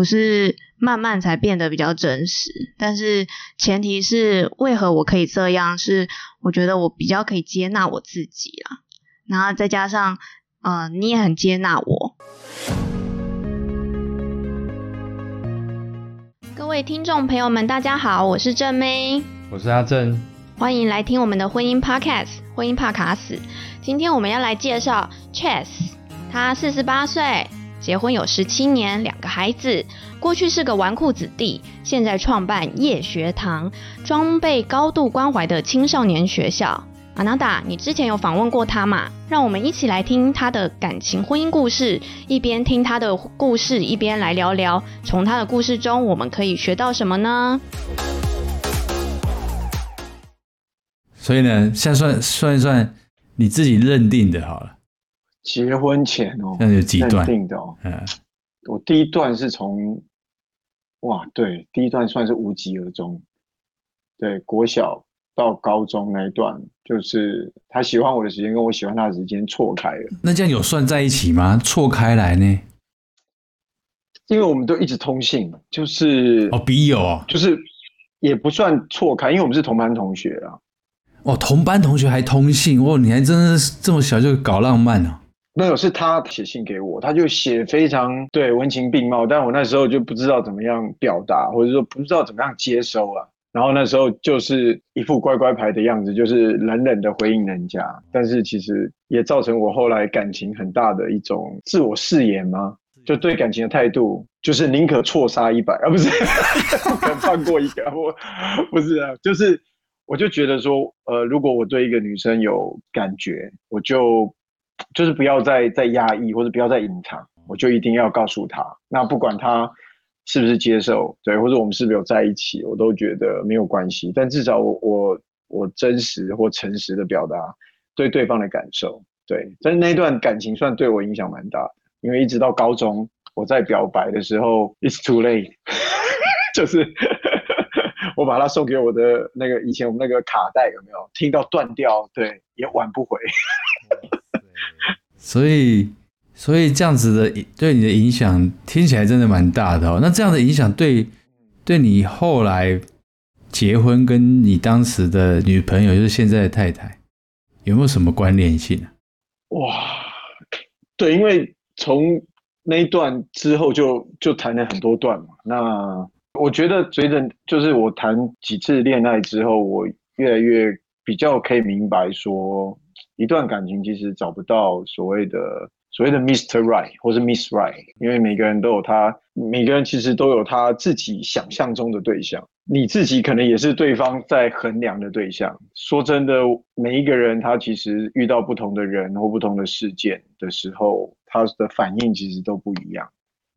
我是慢慢才變得比較真實，但是前提是為何我可以這樣？是我覺得我比較可以接納我自己啦，然後再加上，嗯、呃，你也很接納我。各位聽眾朋友們，大家好，我是正妹，我是阿正，歡迎來聽我們的婚姻 Podcast，《婚姻怕卡死》。今天我們要來介紹 Chase，他四十八歲。結婚有十七年，兩個孩子。過去是個紈絝子弟，現在創辦夜學堂，裝備高度關懷的青少年學校。阿娜達，你之前有訪問過他嗎？讓我們一起來聽他的感情婚姻故事，一邊聽他的故事，一邊來聊聊，從他的故事中我們可以學到什麼呢？所以呢，先算算一算你自己認定的，好了。結婚前哦，那有幾段定的哦。嗯，我第一段是從哇，對，第一段算是無疾而終。對，國小到高中那一段，就是他喜歡我的時間跟我喜歡他的時間錯開了。那這樣有算在一起嗎？錯、嗯、開來呢？因為我們都一直通信，就是哦筆友哦，就是也不算錯開，因為我們是同班同學啊。哦，同班同學還通信，哇，你還真的這麼小就搞浪漫了、哦。那有是他寫信給我，他就寫非常對文情並茂，但我那時候就不知道怎麼樣表達，或者說不知道怎麼樣接收啊。然後那時候就是一副乖乖牌的樣子，就是冷冷的回應人家，但是其實也造成我後來感情很大的一種自我誓言嘛、啊，就對感情的態度，就是寧可錯殺一百，而、啊、不是放 過一個。我不是啊，就是我就覺得說，呃，如果我對一個女生有感覺，我就。就是不要再再壓抑，或者不要再隱藏，我就一定要告訴他。那不管他是不是接受，對，或者我們是不是有在一起，我都覺得沒有關係。但至少我我我真實或誠實的表達對對方的感受，對。但是那段感情算對我影響蠻大，因為一直到高中我在表白的時候，mm.，it's too late， 就是 我把它送給我的那個以前我們那個卡帶有沒有聽到斷掉？對，也挽不回。 所以，所以這樣子的對你的影響聽起來真的蠻大的哦。那這樣的影響對，對你後來結婚跟你當時的女朋友，就是現在的太太，有沒有什麼關聯性啊？哇，對，因為從那一段之後就就談了很多段嘛。那我覺得隨着就是我談幾次戀愛之後，我越來越比較可以明白說。一段感情其實找不到所謂的所謂的 Mr. Right 或是 Miss Right，因為每個人都有他，每個人其實都有他自己想象中的對象。你自己可能也是對方在衡量的對象。說真的，每一個人他其實遇到不同的人或不同的事件的時候，他的反應其實都不一樣。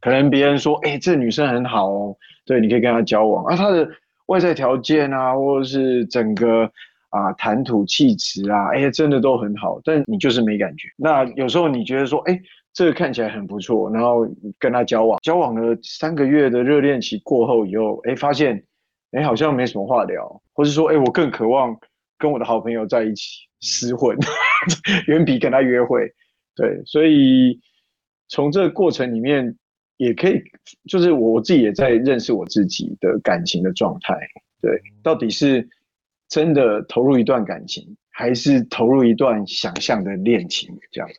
可能別人說，哎、欸，這女生很好哦，對，你可以跟她交往。啊，她的外在條件啊，或者是整個。啊，談吐氣質啊，哎、欸，真的都很好，但你就是沒感覺。那有時候你覺得說，哎、欸，這個看起來很不錯，然後跟他交往，交往了三個月的熱戀期過後以後，哎、欸，發現，哎、欸，好像沒什麼話聊，或是說，哎、欸，我更渴望跟我的好朋友在一起廝混，遠 比跟他約會。對，所以從這個過程裡面，也可以，就是我自己也在認識我自己的感情的狀態。對，到底是。真的投入一段感情，還是投入一段想象的戀情這樣子？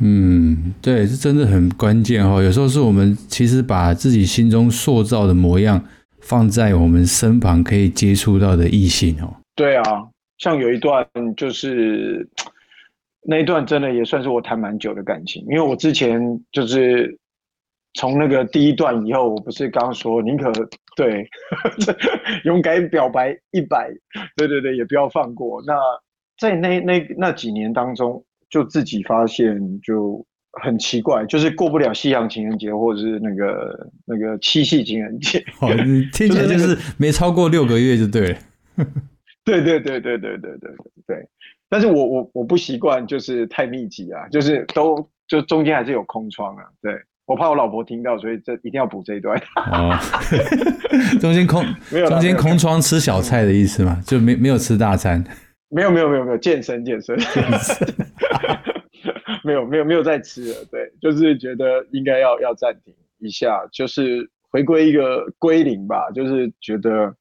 嗯，對，這真的很關鍵哈哦。有時候是我們其實把自己心中塑造的模樣，放在我們身旁可以接觸到的異性哦。對啊，像有一段就是那一段，真的也算是我談蠻久的感情，因為我之前就是從那個第一段以後，我不是剛說寧可。對， 勇敢表白一百，對對對，也不要放過。那在那那那幾年當中，就自己發現就很奇怪，就是過不了西洋情人節，或者是那個那個七夕情人節，好就是、這個、就是沒超過六個月就對了。 對，對對對對對對對對。但是我我我不習慣，就是太密集啊，就是都就中間還是有空窗啊，對。我怕我老婆聽到，所以這一定要補這一段。哦 中間空，沒有中間空窗吃小菜的意思嘛？就沒沒有吃大餐，沒有沒有沒有沒有健身健身的 沒，沒有沒有沒有在吃了。對，就是覺得應該要要暫停一下，就是回歸一個歸零吧。就是覺得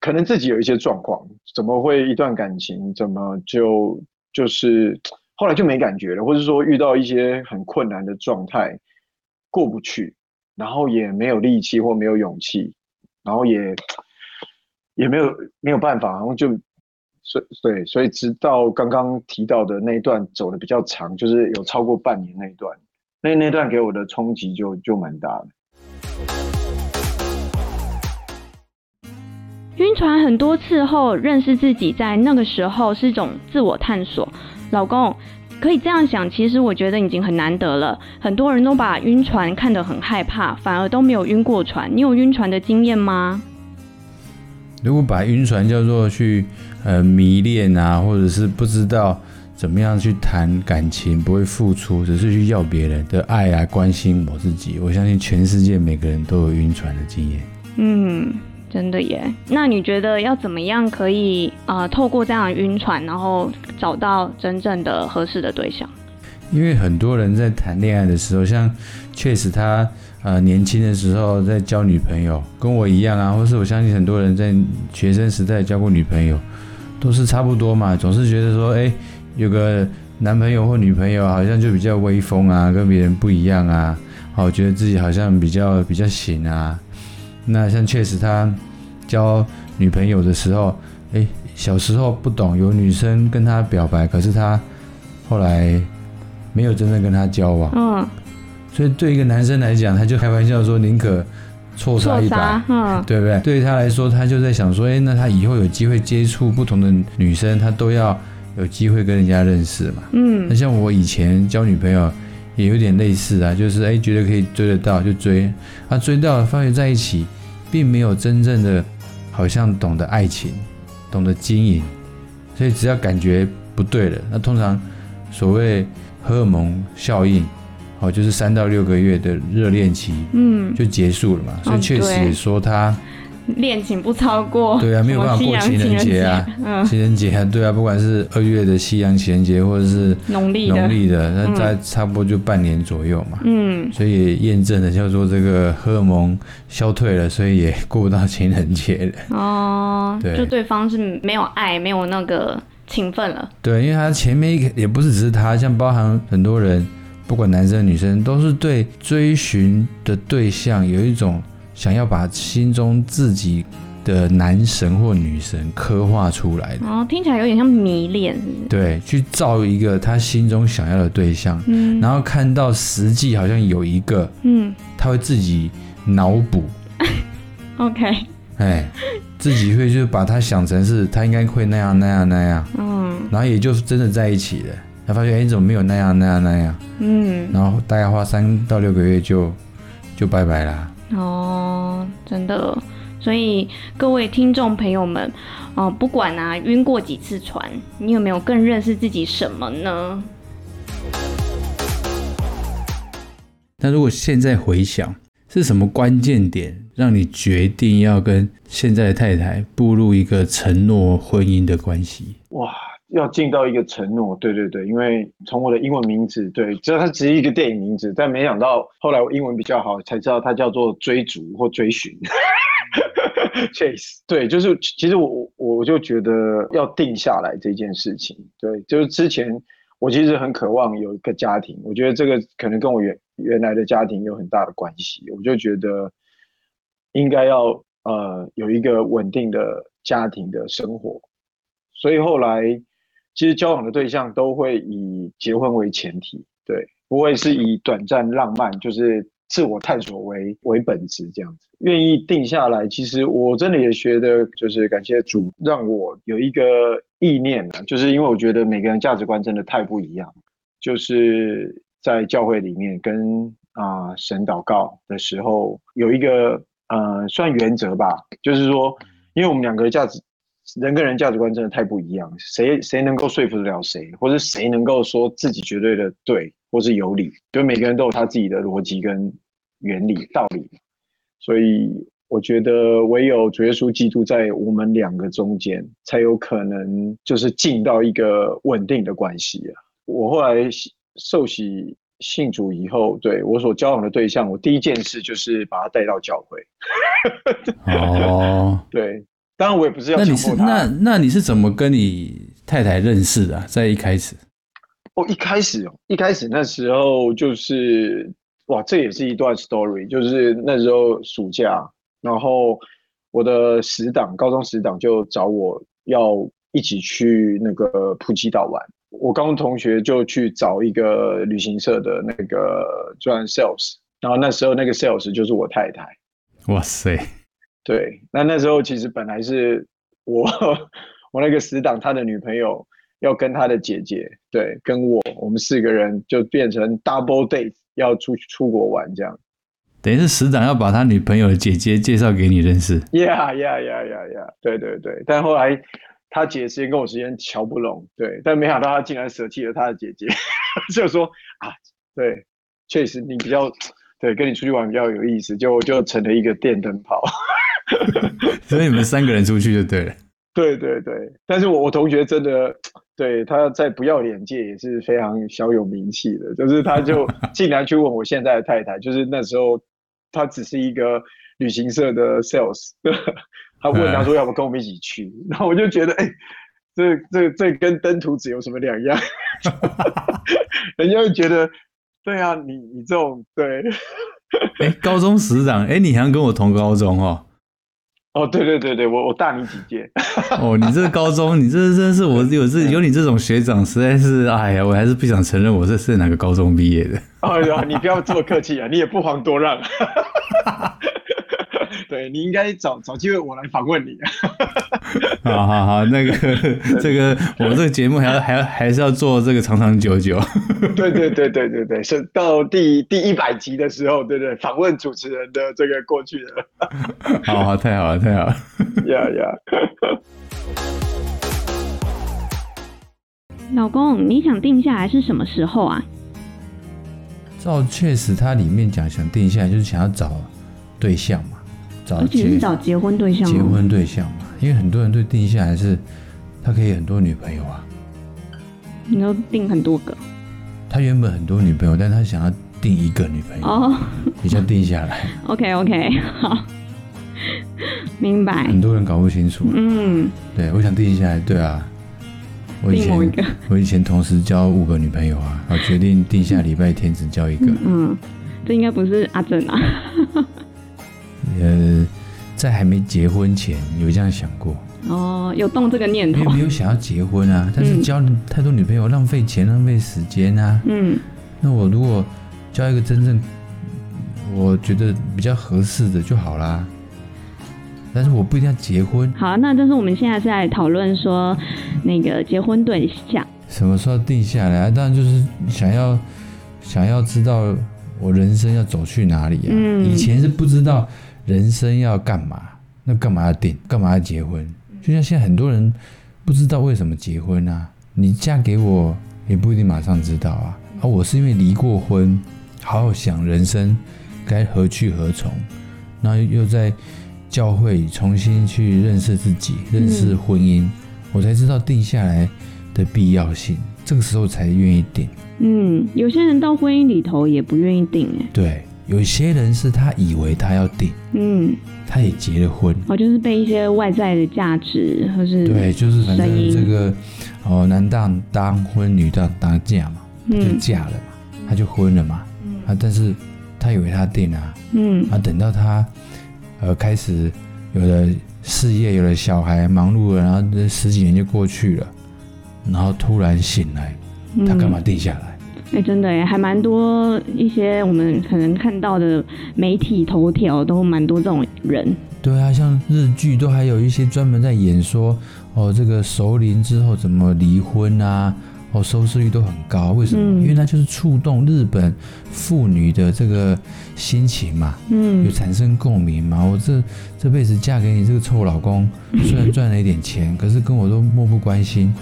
可能自己有一些狀況，怎麼會一段感情怎麼就就是後來就沒感覺了，或者說遇到一些很困難的狀態。過不去，然後也沒有力氣或沒有勇氣，然後也也沒有沒有辦法，然後就所以，對，所以直到剛剛提到的那一段走的比較長，就是有超過半年那一段，那那段給我的衝擊就就蠻大的。暈船很多次後，認識自己，在那個時候是一種自我探索。老公。可以這樣想，其實我覺得已經很難得了。很多人都把暈船看得很害怕，反而都沒有暈過船。你有暈船的經驗嗎？如果把暈船叫做去呃迷戀啊，或者是不知道怎麼樣去談感情，不會付出，只是去要別人的愛啊關心我自己，我相信全世界每個人都有暈船的經驗。嗯，真的耶。那你覺得要怎麼樣可以啊，呃？透過這樣的暈船，然後。找到真正的合適的對象，因為很多人在談戀愛的時候，像 Chase 他呃年輕的時候在交女朋友，跟我一樣啊，或是我相信很多人在學生時代交過女朋友，都是差不多嘛，總是覺得說哎，有個男朋友或女朋友好像就比較威風啊，跟別人不一樣啊，好覺得自己好像比較比較行啊。那像 Chase 他交女朋友的時候，哎。小時候不懂，有女生跟他表白，可是他後來沒有真正跟他交往。嗯，所以對一個男生來講，他就開玩笑說：“寧可錯殺一百，對不對？”對於他來說，他就在想說：“哎、欸，那他以後有機會接觸不同的女生，他都要有機會跟人家認識嘛。”嗯，那像我以前交女朋友也有點類似啊，就是哎、欸、覺得可以追得到就追，他、啊、追到了發現在一起並沒有真正的好像懂得愛情。懂得經營，所以只要感覺不對了，那通常所謂荷爾蒙效應，哦，就是三到六個月的熱戀期，嗯，就結束了嘛。嗯、所以確實也說他。戀情不超過對啊，沒有辦法過情人節啊，嗯，情人節啊，對啊，不管是二月的西洋情人節，啊啊啊，或者是農曆農曆的，那在差不多就半年左右嘛，嗯，所以也驗證了叫做這個荷爾蒙消退了，所以也過不到情人節了。哦，對，就對方是沒有愛，沒有那個情分了。對，因為他前面一個也不是只是他，像包含很多人，不管男生女生，都是對追尋的對象有一種。想要把心中自己的男神或女神刻畫出來哦，聽起來有點像迷戀，對，去造一個他心中想要的對象，嗯，然後看到實際好像有一個，嗯，他會自己腦補，OK，哎，自己會就把他想成是他應該會那樣那樣那樣，嗯，然後也就是真的在一起了，他發現哎，你怎麼沒有那樣那樣那樣，嗯，然後大概花三到六個月就就拜拜啦。哦，真的，所以各位聽眾朋友們，嗯，不管啊暈過幾次船，你有沒有更認識自己什麼呢？那如果現在回想，是什麼關鍵點讓你決定要跟現在的太太步入一個承諾婚姻的關係？哇！要盡到一個承諾，對對對，因為從我的英文名字，對，知道它只是一個電影名字，但沒想到後來我英文比較好，才知道它叫做追逐或追尋、嗯、 ，Chase。對，就是其實我我就覺得要定下來這件事情，對，就是之前我其實很渴望有一個家庭，我覺得這個可能跟我原原來的家庭有很大的關係，我就覺得應該要呃有一個穩定的家庭的生活，所以後來。其實交往的對象都會以結婚為前提，對，不會是以短暫浪漫，就是自我探索為為本質這樣子。願意定下來，其實我真的也覺得，就是感謝主讓我有一個意念，就是因為我覺得每個人價值觀真的太不一樣，就是在教會裡面跟啊、呃、神禱告的時候有一個呃算原則吧，就是說，因為我們兩個價值。人跟人價值觀真的太不一樣，誰誰能夠說服得了誰，或是誰能夠說自己絕對的對，或是有理？因為每個人都有他自己的邏輯跟原理道理，所以我覺得唯有主耶穌基督在我們兩個中間，才有可能就是進到一個穩定的關係啊。我後來受洗信主以後，對我所交往的對象，我第一件事就是把他帶到教會。哦，對。當然，我也不是要強迫他。那你是那那你是怎麼跟你太太認識的啊？在一開始？哦，一開始哦，一開始那時候就是哇，這也是一段 story。就是那時候暑假，然後我的死黨，高中死黨就找我要一起去那個普吉島玩。我高中同學就去找一個旅行社的那個專 sales，然後那時候那個 sales 就是我太太。哇塞！對，那那時候其實本來是我我那個死黨他的女朋友要跟他的姐姐，對，跟我我們四個人就變成 double date 要出去出國玩這樣，等於是死黨要把他女朋友的姐姐介紹給你認識。Yeah, yeah, yeah, yeah, yeah 對對對，但後來他姐時間跟我時間喬不攏，對，但沒想到他竟然舍棄了他的姐姐，就說啊，對，確實你比較對跟你出去玩比較有意思，就就成了一個電燈泡。 所以你們三個人出去就對了。對對對，但是我我同學真的，對他在不要臉界也是非常小有名氣的。就是他就竟然去問我現在的太太， 就是那時候他只是一個旅行社的 sales，他問他說要不要跟我們一起去？ 然後我就覺得，哎、欸，這這這跟登徒子有什麼兩樣？ 人家會覺得，對啊，你你這種對，哎、 欸，高中師長，哎、欸，你好像跟我同高中哦。哦，對對對對，我我大你幾屆。哦，你這高中， 你這真是我有這有你這種學長，實在是，哎呀，我還是不想承認我這是哪個高中畢業的。哎、哦、呀，你不要這麼客氣啊， 你也不遑多讓。 對，你應該找找機會，我來訪問你。 好好好，那個這個，我們這個節目還要還要還是要做這個長長久久。 對對對對對對，是到第第一百集的時候，對對，訪問主持人的這個過去了。 好，好，太好了，太好了。呀呀。老公，你想定下來是什麼時候啊？照確實，他裡面講想定下來，就是想要找對象嘛。尤其是找結婚對象，結婚對象嘛，因為很多人對定下來是他可以很多女朋友啊，你要定很多個。他原本很多女朋友，但他想要定一個女朋友，你、oh. 先定下來。OK OK，好，明白。很多人搞不清楚，嗯，對，我想定下來，對啊，我以前我,我以前同時交五個女朋友啊，我決定定下禮拜天只交一個。嗯，嗯這應該不是阿正啊。 呃，在還沒結婚前有這樣想過哦，有動這個念頭，因為沒有想要結婚啊，但是交太多女朋友，嗯、浪費錢、浪費時間啊。嗯，那我如果交一個真正我覺得比較合適的就好啦。但是我不一定要結婚。好、啊，那但是我們現在在討論說那個結婚對象，什麼時候定下來、啊？當然就是想要想要知道我人生要走去哪裡啊。嗯，以前是不知道、嗯。人生要幹嘛？那幹嘛要定，幹嘛要結婚？就像現在很多人不知道為什麼結婚啊？你嫁給我也不一定馬上知道啊。而、啊、我是因為離過婚，好好想人生該何去何從，然後又在教會重新去認識自己，認識婚姻、嗯，我才知道定下來的必要性。這個時候才願意定。嗯，有些人到婚姻裡頭也不願意定，哎，對。有些人是他以為他要定，嗯，他也結了婚，哦，就是被一些外在的價值或是對，就是反正這個哦，男大當婚，女大當嫁嘛，就嫁了嘛，他就婚了嘛，嗯、啊，但是他以為他定啊，嗯，啊，等到他呃開始有了事業，有了小孩，忙碌了，然後這十幾年就過去了，然後突然醒來，他幹嘛定下來？嗯哎、欸，真的哎、欸，還蠻多一些我們可能看到的媒體頭條都蠻多這種人。對啊，像日劇都還有一些專門在演說哦，這個熟齡之後怎麼離婚啊？哦，收視率都很高，為什麼？嗯、因為那就是觸動日本婦女的這個心情嘛，嗯，有產生共鳴嘛。我這這輩子嫁給你這個臭老公，雖然賺了一點錢， 可是跟我都漠不關心。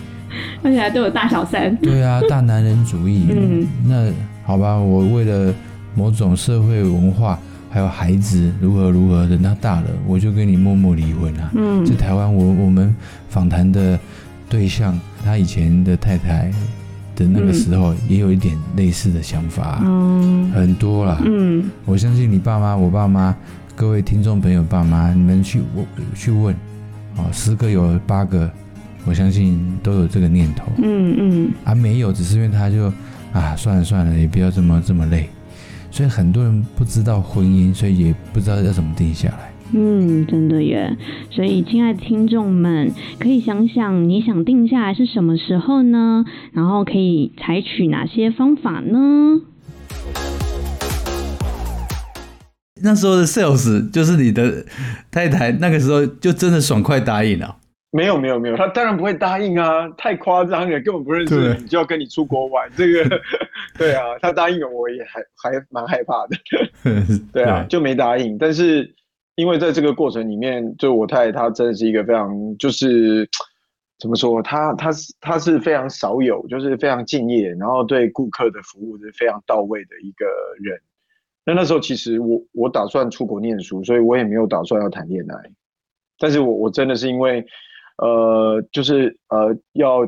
而且還都有大小三， 對啊，大男人主義。 嗯，那好吧，我為了某種社會文化，還有孩子如何如何，等他大了，我就跟你默默離婚啊。嗯，在台灣，我我們訪談的對象，他以前的太太的那個時候，也有一點類似的想法啊。嗯，很多啦。嗯，我相信你爸媽，我爸媽，各位聽眾朋友爸媽，你們去我去問，哦，十個有八個。我相信都有這個念頭，嗯嗯，啊沒有，只是因為他就，啊算了算了，也不要這麼這麼累，所以很多人不知道婚姻，所以也不知道要怎麼定下來。嗯，真的耶，所以親愛的聽眾們，可以想想你想定下來是什麼時候呢？然後可以採取哪些方法呢？那時候的 Sales 就是你的太太，那個時候就真的爽快答應了。沒有沒有沒有，他當然不會答應啊！太誇張了，根本不認識你就要跟你出國玩。這個對啊，他答應了我也還還蠻害怕的，對啊就沒答應。但是因為在這個過程裡面，就我太太她真的是一個非常就是怎麼說，她她是她是非常少有就是非常敬業，然後對顧客的服務是非常到位的一個人。那那時候其實我我打算出國念書，所以我也沒有打算要談戀愛。但是我我真的是因為。呃，就是呃，要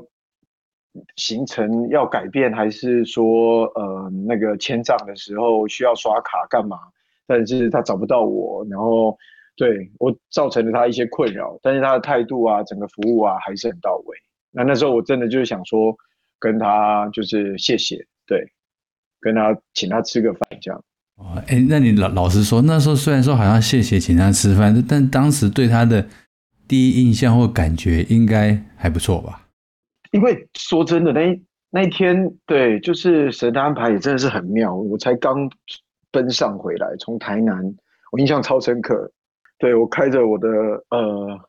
行程要改變，還是說呃那個簽賬的時候需要刷卡幹嘛？但是他找不到我，然後對我造成了他一些困擾，但是他的態度啊，整個服務啊還是很到位。那那時候我真的就是想說，跟他就是謝謝，對，跟他請他吃個飯這樣。哦，哎，那你老老實說，那時候雖然說好像謝謝請他吃飯，但當時對他的。第一印象或感覺應該還不錯吧？因為說真的，那一那一天，對，就是神的安排也真的是很妙。我才剛奔上回來，從台南，我印象超深刻。對，我開着我的呃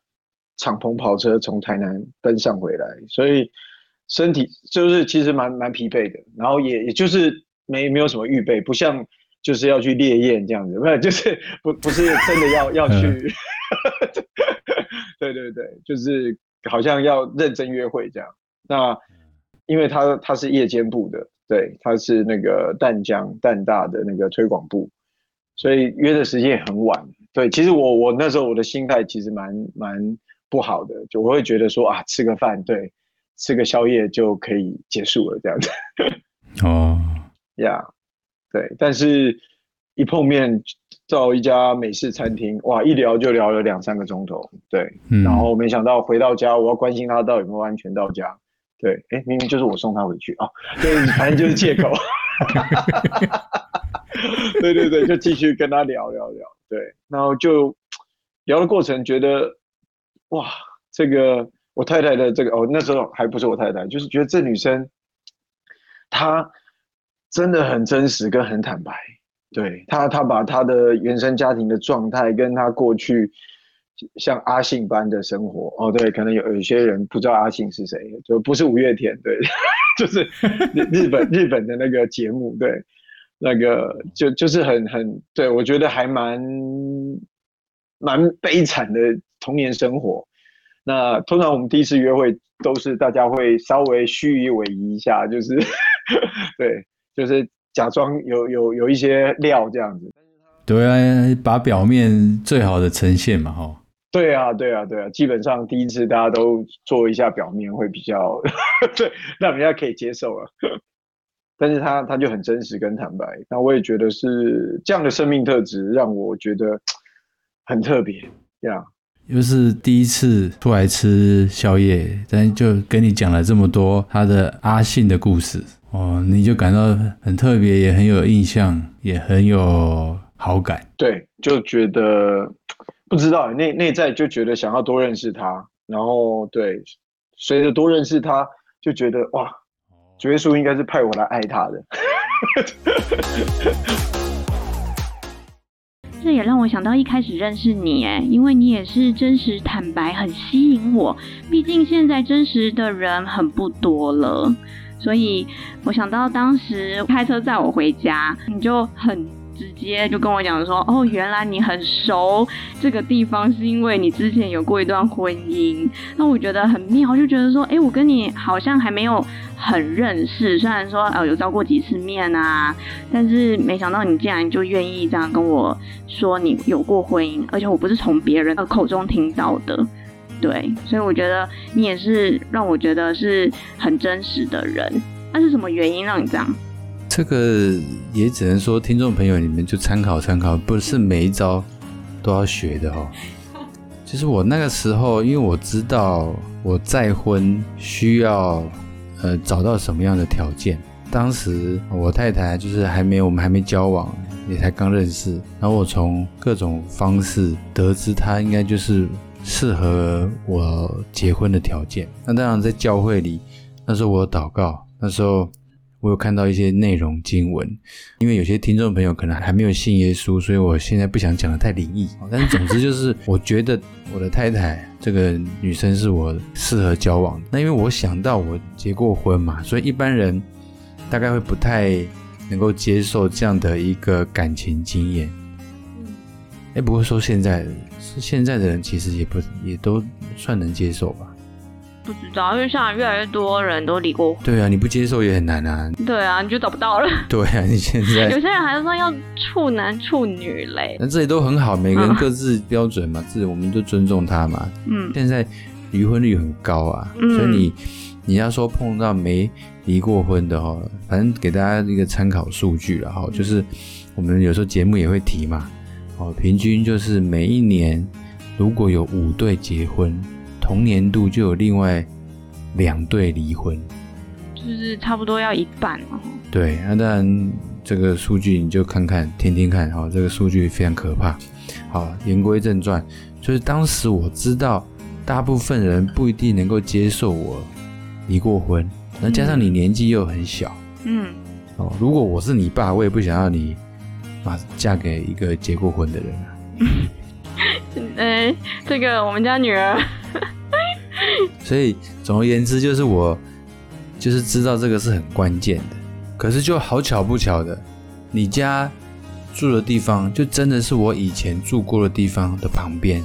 敞篷跑車從台南奔上回來，所以身體就是其實蠻蠻疲憊的。然後也也就是沒沒有什麼預備，不像就是要去獵豔這樣子，不是就是不不是真的要 要去。 對對對，就是好像要認真約會這樣。那，因為他他是夜間部的，對，他是那個淡江淡大的那個推廣部，所以約的時間也很晚。對，其實我我那時候我的心態其實蠻蠻不好的，就我會覺得說啊，吃個飯，對，吃個宵夜就可以結束了這樣子。哦，呀，對，但是一碰面，到一家美式餐廳，哇，一聊就聊了兩三個鐘頭，對、嗯，然後沒想到回到家，我要關心她到底有沒有安全到家，對，哎、欸，明明就是我送她回去啊，對，反正就是借口， 對對對，就繼續跟她聊聊聊，對，然後就聊的過程覺得，哇，這個我太太的這個哦，那時候還不是我太太，就是覺得這女生，她真的很真實跟很坦白。對他，他把他的原生家庭的狀態跟他過去像阿信般的生活哦，對，可能有有一些人不知道阿信是誰，就不是五月天，對，就是日本 日本的那個節目，對，那個就就是很很對我覺得還蠻蠻悲慘的童年生活。那通常我們第一次約會都是大家會稍微虛與委蛇一下，就是對，就是。假裝有有有一些料這樣子，但是對啊，把表面最好的呈現嘛，哈，對啊，對啊，對啊，基本上第一次大家都做一下表面會比較， 對，那人家可以接受啊。 但是他他就很真實跟坦白，那我也覺得是這樣的生命特質讓我覺得很特別，這樣，又、就是第一次出來吃宵夜，但是就跟你講了這麼多他的阿信的故事。哦，你就感到很特別，也很有印象，也很有好感。對，就覺得不知道內內在，就覺得想要多認識他。然後，對，隨着多認識他，就覺得哇，九月叔應該是派我來愛他的。 這也讓我想到一開始認識你耶，因為你也是真實坦白，很吸引我。畢竟現在真實的人很不多了。所以，我想到當時開車載我回家，你就很直接就跟我講說，哦，原來你很熟這個地方，是因為你之前有過一段婚姻。那我覺得很妙，就覺得說，哎、欸，我跟你好像還沒有很認識，雖然說呃有照過幾次面啊，但是沒想到你竟然就願意這樣跟我說你有過婚姻，而且我不是從別人口中聽到的。對，所以我覺得你也是讓我覺得是很真實的人。那是什麼原因讓你這樣？這個也只能說聽眾朋友你們就參考參考，不是每一招都要學的哦。其實我那個時候，因為我知道我再婚需要呃找到什麼樣的條件。當時我太太就是還沒有，我們還沒交往，也才剛認識。然後我從各種方式得知，她應該就是。適合我結婚的條件。那當然在教會裡，那時候我有禱告，那時候我有看到一些內容經文。因為有些聽眾朋友可能還沒有信耶穌，所以我現在不想講得太靈異。但是總之就是，我覺得我的太太這個女生是我適合交往的。那因為我想到我結過婚嘛，所以一般人大概會不太能夠接受這樣的一個感情經驗。哎，不會說現在。現在的人其實也不也都算能接受吧？不知道，因為現在越來越多人都離過婚。對啊，你不接受也很難啊。對啊，你就找不到了。對啊，你現在 有些人還是說要處男處女嘞。那、啊、這些都很好，每個人各自標準嘛，這、嗯、我們就尊重他嘛。嗯，現在離婚率很高啊，嗯、所以你你要說碰到沒離過婚的哈、哦，反正給大家一個參考數據然後、嗯、就是我們有時候節目也會提嘛。哦、平均就是每一年，如果有五對結婚，同年度就有另外兩對離婚，就是差不多要一半。對，那當然這個數據你就看看，聽聽看哈、哦，這個數據非常可怕。好，言歸正傳，就是當時我知道，大部分人不一定能夠接受我離過婚，那、嗯、加上你年紀又很小，嗯，哦，如果我是你爸，我也不想要你。嫁給一個結過婚的人了哎、 嗯欸，這個我們家女兒 。所以，總而言之，就是我就是知道這個是很關鍵的。可是，就好巧不巧的，你家住的地方就真的是我以前住過的地方的旁邊。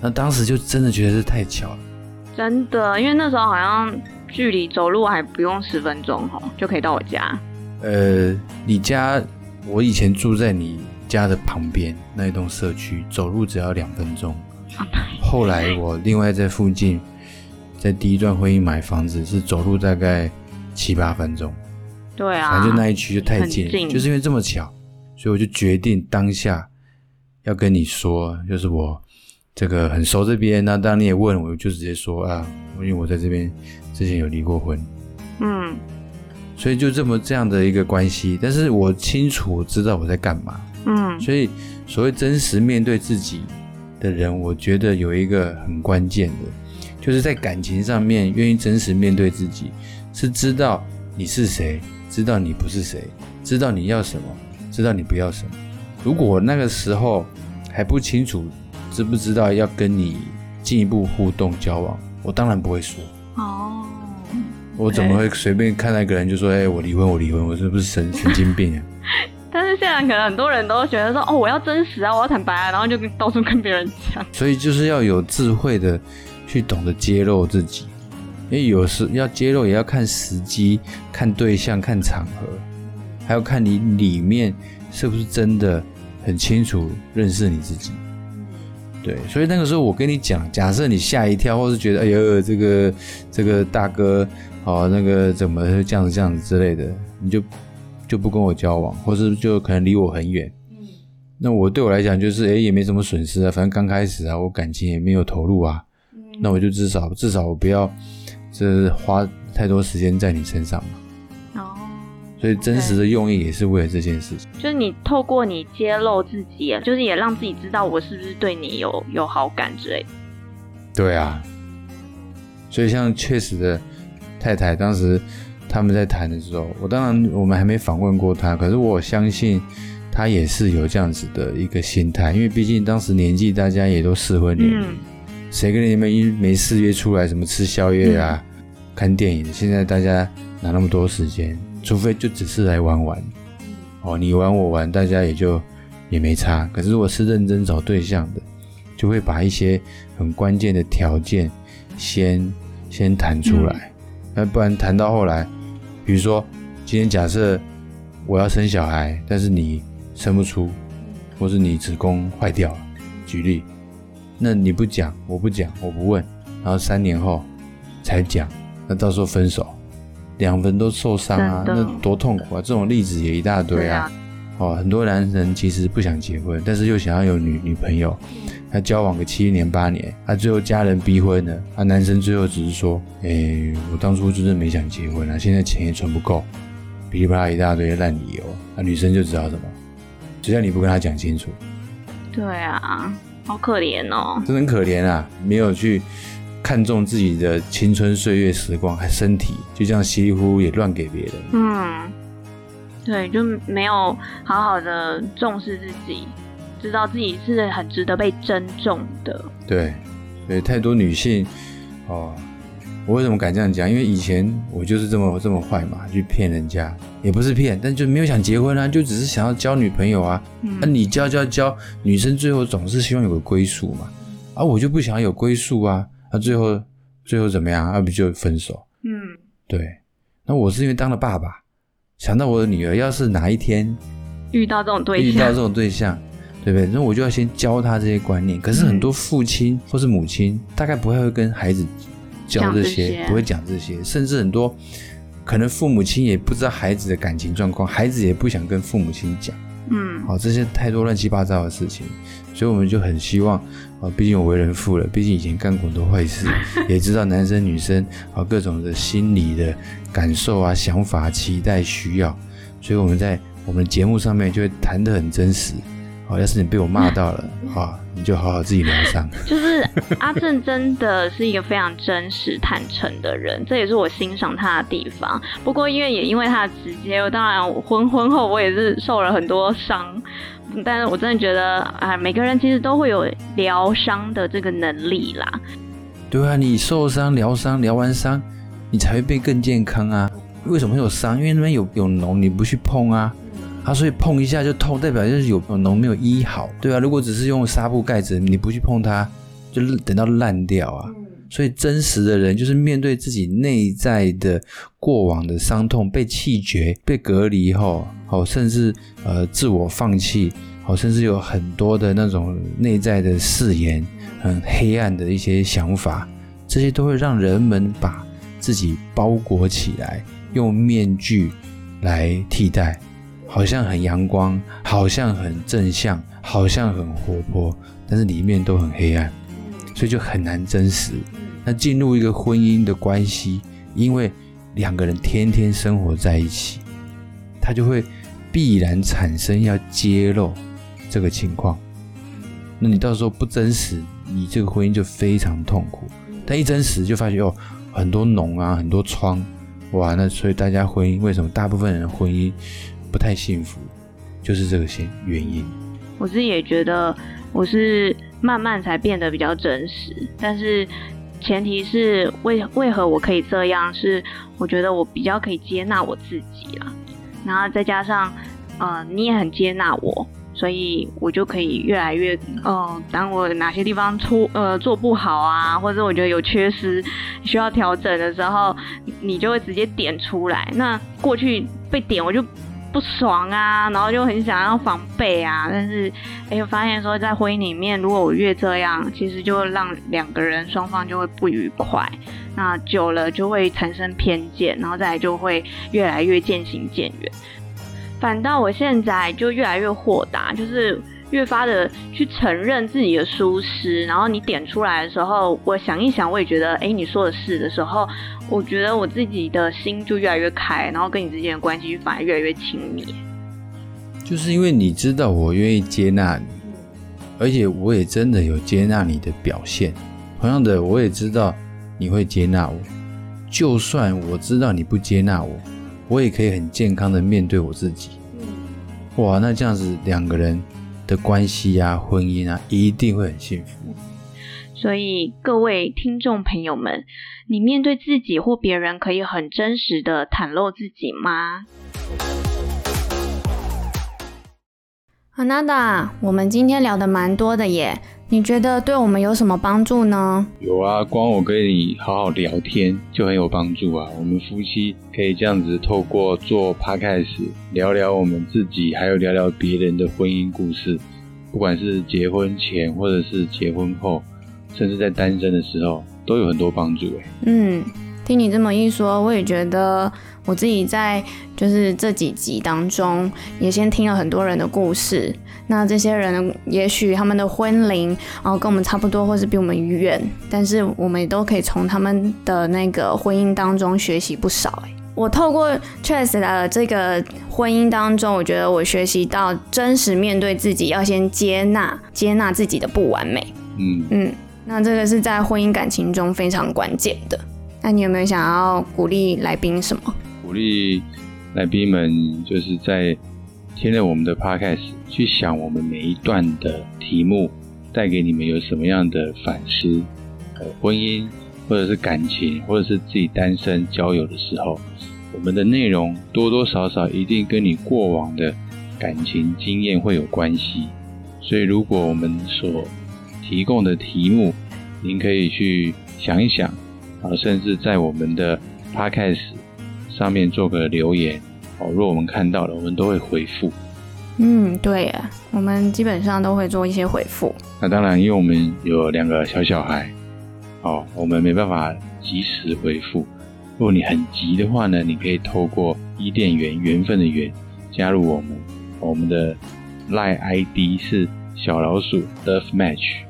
那當時就真的覺得是太巧了。真的，因為那時候好像距離走路還不用十分鐘、哦、就可以到我家。呃，你家。我以前住在你家的旁邊那一棟社區，走路只要兩分鐘。Oh、後來我另外在附近，在第一段婚姻買房子是走路大概七八分鐘。對啊，反正那一區就太近，近，就是因為這麼巧，所以我就決定當下要跟你說，就是我這個很熟這邊。那當然你也問，我就直接說啊，因為我在這邊之前有離過婚。嗯。所以就這麼這樣的一個關係，但是我清楚知道我在幹嘛。嗯，所以所謂真實面對自己的人，我覺得有一個很關鍵的，就是在感情上面願意真實面對自己，是知道你是誰，知道你不是誰，知道你要什麼，知道你不要什麼。如果那個時候還不清楚，知不知道要跟你進一步互動交往，我當然不會說。我怎麼會隨便看到一個人就說哎、欸，我離婚，我離婚，我是不是神神經病啊？ 但是現在可能很多人都覺得說哦，我要真實啊，我要坦白、啊，然後就到處跟別人講。所以就是要有智慧的去懂得揭露自己，因為有時要揭露也要看時機、看對象、看場合，還要看你裡面是不是真的很清楚認識你自己。對，所以那個時候我跟你講，假設你嚇一跳，或是覺得哎呦呦，這個這個大哥。好、哦，那個怎麼這樣子、這樣子之類的，你就就不跟我交往，或是就可能離我很遠。嗯，那我對我來講就是，哎、欸，也沒什麼損失啊，反正剛開始啊，我感情也沒有投入啊。嗯，那我就至少至少我不要就是花太多時間在你身上嘛。哦，所以真實的用意也是為了這件事情，就是你透過你揭露自己，就是也讓自己知道我是不是對你有有好感之類的。對啊，所以像確實的。太太當時他們在談的時候，我當然我們還沒訪問過他，可是我相信他也是有這樣子的一個心態，因為畢竟當時年紀大家也都適婚年齡、嗯，誰跟你沒沒事約出來什麼吃宵夜啊、嗯、看電影？現在大家哪那麼多時間？除非就只是來玩玩，哦，你玩我玩，大家也就也沒差。可是如果是認真找對象的，就會把一些很關鍵的條件先先談出來。嗯那不然談到後來，比如說今天假設我要生小孩，但是你生不出，或是你子宮壞掉了，舉例，那你不講，我不講，我不問，然後三年後才講，那到時候分手，兩人都受傷啊，那多痛苦啊！這種例子也一大堆啊，哦，很多男生其實不想結婚，但是又想要有女女朋友。他交往個七年八年，他、啊、最後家人逼婚了，他、啊、男生最後只是說：“哎、欸，我當初真的沒想結婚啊，現在錢也存不夠，噼里啪啦一大堆爛理由。”啊，女生就知道什麼，只要你不跟他講清楚。對啊，好可憐哦，真很可憐啊，沒有去看重自己的青春歲月時光，還身體就這樣稀里糊塗也亂給別人。嗯，對，就沒有好好的重視自己。知道自己是很值得被尊重的。對，所以太多女性哦。我為什麼敢這樣講？因為以前我就是這麼這麼壞嘛，去騙人家，也不是騙，但就沒有想結婚啊，就只是想要交女朋友啊。嗯。那、啊、你交交交女生，最後總是希望有個歸宿嘛。啊，我就不想有歸宿啊。那、啊、最後最後怎麼樣？啊，不就分手？嗯。對。那我是因為當了爸爸，想到我的女兒，要是哪一天遇到這種對象，遇到這種對象。對不對？那我就要先教他這些觀念。可是很多父親或是母親、嗯、大概不會會跟孩子教這些，這些，不會講這些，甚至很多可能父母親也不知道孩子的感情狀況，孩子也不想跟父母親講。嗯，好、啊，這些太多亂七八糟的事情，所以我們就很希望啊，畢竟我為人父了，畢竟以前幹過很多壞事， 也知道男生女生啊各種的心理的感受啊、想法、期待、需要，所以我們在我們的節目上面就會談得很真實。好、哦、像是你被我罵到了好、啊哦，你就好好自己療傷。就是 阿正真的是一個非常真實、坦誠的人，這也是我欣賞他的地方。不過，因為也因為他的直接，我當然我婚婚後我也是受了很多傷，但是我真的覺得啊，每個人其實都會有療傷的這個能力啦。對啊，你受傷、療傷、療完傷，你才會變更健康啊。為什麼會有傷？因為那邊有有膿，你不去碰啊。啊，所以碰一下就痛，代表就是有有膿沒有醫好，對啊。如果只是用紗布蓋著，你不去碰它，就等到爛掉啊。所以真實的人就是面對自己內在的過往的傷痛，被棄絕、被隔離後，好，甚至呃自我放棄，好，甚至有很多的那種內在的誓言，很黑暗的一些想法，這些都會讓人們把自己包裹起來，用面具來替代。好像很陽光，好像很正向，好像很活潑，但是裡面都很黑暗，所以就很難真實。那進入一個婚姻的關係，因為兩個人天天生活在一起，他就會必然產生要揭露這個情況。那你到時候不真實，你這個婚姻就非常痛苦。但一真實就發覺哦，很多膿啊，很多瘡，哇！那所以大家婚姻為什麼？大部分人的婚姻。不太幸福，就是這個原原因。我自己也覺得，我是慢慢才變得比較真實，但是前提是為為何我可以這樣？是我覺得我比較可以接納我自己了，然後再加上，嗯、呃，你也很接納我，所以我就可以越來越，嗯、呃，當我哪些地方出呃，做不好啊，或者我覺得有缺失需要調整的時候你，你就會直接點出來。那過去被點我就不爽啊，然後就很想要防備啊，但是哎、欸，我發現說在婚姻裡面，如果我越這樣，其實就讓兩個人雙方就會不愉快，那久了就會產生偏見，然後再來就會越來越漸行漸遠。反倒我現在就越來越豁達，就是。越發的去承認自己的疏失，然後你點出來的時候，我想一想，我也覺得，哎，你說的是的時候，我覺得我自己的心就越來越開，然後跟你之間的關係反而越來越親密。就是因為你知道我願意接納你，嗯、而且我也真的有接納你的表現。同樣的，我也知道你會接納我，就算我知道你不接納我，我也可以很健康的面對我自己。嗯、哇，那這樣子兩個人。的關係啊，婚姻啊，一定會很幸福。所以，各位聽眾朋友們，你面對自己或別人，可以很真實的袒露自己嗎？阿娜達， Anada, 我們今天聊得蠻多的耶。你覺得對我們有什麼幫助呢？有啊，光我跟你好好聊天就很有幫助啊。我們夫妻可以這樣子透過做 podcast，聊聊我們自己，還有聊聊別人的婚姻故事，不管是結婚前或者是結婚後，甚至在單身的時候，都有很多幫助耶。嗯，聽你這麼一說，我也覺得。我自己在就是這幾集當中也先聽了很多人的故事，那這些人也許他們的婚齡然後跟我們差不多，或是比我們遠，但是我們也都可以從他們的那個婚姻當中學習不少、欸。哎，我透過 Chase 的這個婚姻當中，我覺得我學習到真實面對自己，要先接納接納自己的不完美。嗯嗯，那這個是在婚姻感情中非常關鍵的。那你有沒有想要鼓勵來賓什麼？鼓勵來賓們就是在聽了我們的 podcast，去想我們每一段的題目帶給你們有什麼樣的反思。嗯、婚姻或者是感情，或者是自己單身交友的時候，我們的內容多多少少一定跟你過往的感情經驗會有關係。所以，如果我們所提供的題目，您可以去想一想啊，甚至在我們的 podcast 上面做個留言哦，若我們看到了，我們都會回復。嗯，對，我們基本上都會做一些回復。那當然，因為我們有兩個小小孩，哦，我們沒辦法及時回復。如果你很急的話呢，你可以透過伊甸緣緣分的緣加入我們，我們的 LINE ID 是小老鼠 Love Match，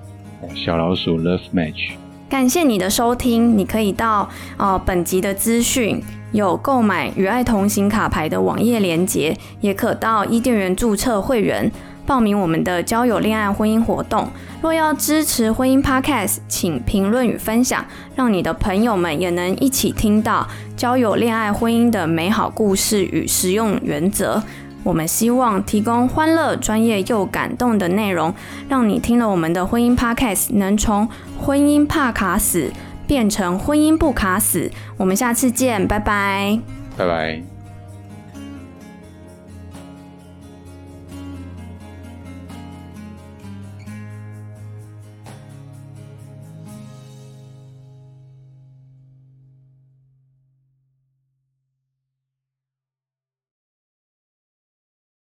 小老鼠 Love Match。感謝你的收聽，你可以到，哦，本集的資訊。有購買與愛同行卡牌的網頁連結，也可到伊甸緣註冊會員，報名我們的交友、戀愛、婚姻活動。若要支持婚姻 Podcast，請評論與分享，讓你的朋友們也能一起聽到交友、戀愛、婚姻的美好故事與實用原則。我們希望提供歡樂、專業又感動的內容，讓你聽了我們的婚姻 Podcast，能從婚姻怕卡死，變成婚姻不卡死，我們下次見，拜拜，拜拜。